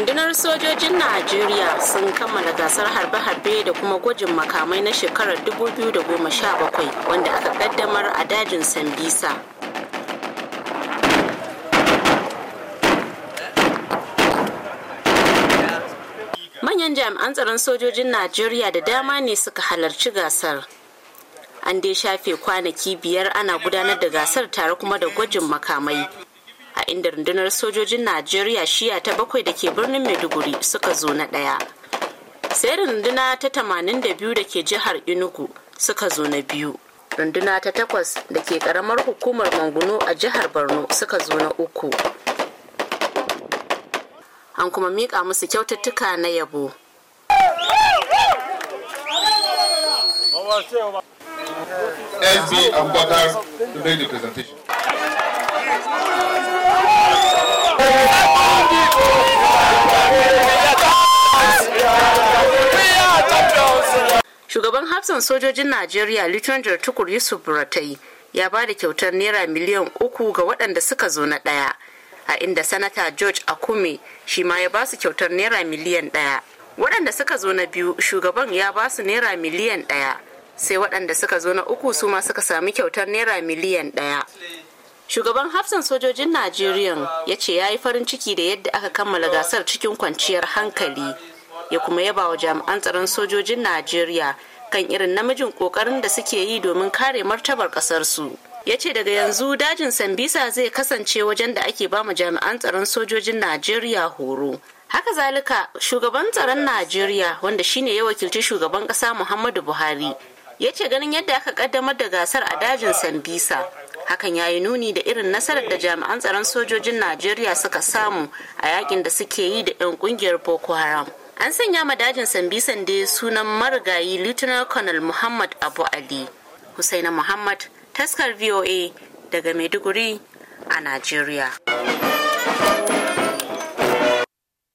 rundunar sojojin najeriya sun kammala gasar harbe-harbe da kuma gwajin makamai na shekarar 2017 wanda aka kaddamar a dajin sambisa manyan jami'an tsaron sojojin najeriya da dama ne suka halarci gasar an dai shafe kwanaki biyar ana gudanar da gasar tare kuma da gwajin makamai inda rundunar sojojin najeriya shiya ta bakwai da ke birnin maiduguri suka zo na ɗaya sai runduna ta tamanin da biyu da ke jihar inugu suka zo na biyu runduna ta takwas da ke karamar hukumar manguno a jihar borno suka zo na uku an kuma miƙa musu kyaututtuka na yabo SB Abubakar to the presentation. shugaban hafsan sojojin najeriya lieutenant tukur yusuf buratai ya ba da kyautar naira miliyan uku ga waɗanda suka zo na ɗaya a inda sanata george akume shi ma ya ba su kyautar naira miliyan ɗaya waɗanda suka zo na biyu shugaban ya ba su naira miliyan ɗaya sai waɗanda suka zo na uku su ma suka sami kyautar naira miliyan ɗaya shugaban hafsan sojojin najeriya ya ce ya yi farin ciki da yadda aka kammala gasar cikin kwanciyar hankali ya kuma yaba wa jami'an tsaron sojojin najeriya kan irin namijin kokarin da suke yi domin kare martabar su. ya ce daga yanzu dajin sambisa zai kasance wajen da ake bama jami'an tsaron sojojin najeriya horo haka zalika shugaban tsaron najeriya wanda shine ya wakilci shugaban kasa muhammadu buhari ya ce ganin yadda aka kaddamar da gasar a dajin sambisa hakan ya yi nuni da irin nasarar da jami'an tsaron sojojin najeriya suka samu a yakin da suke yi da 'yan kungiyar boko haram an sanya ma dajin sambisan da sunan marigayi lieutenant colonel muhammad abu ali husaina muhammad taskar voa daga maiduguri a najeriya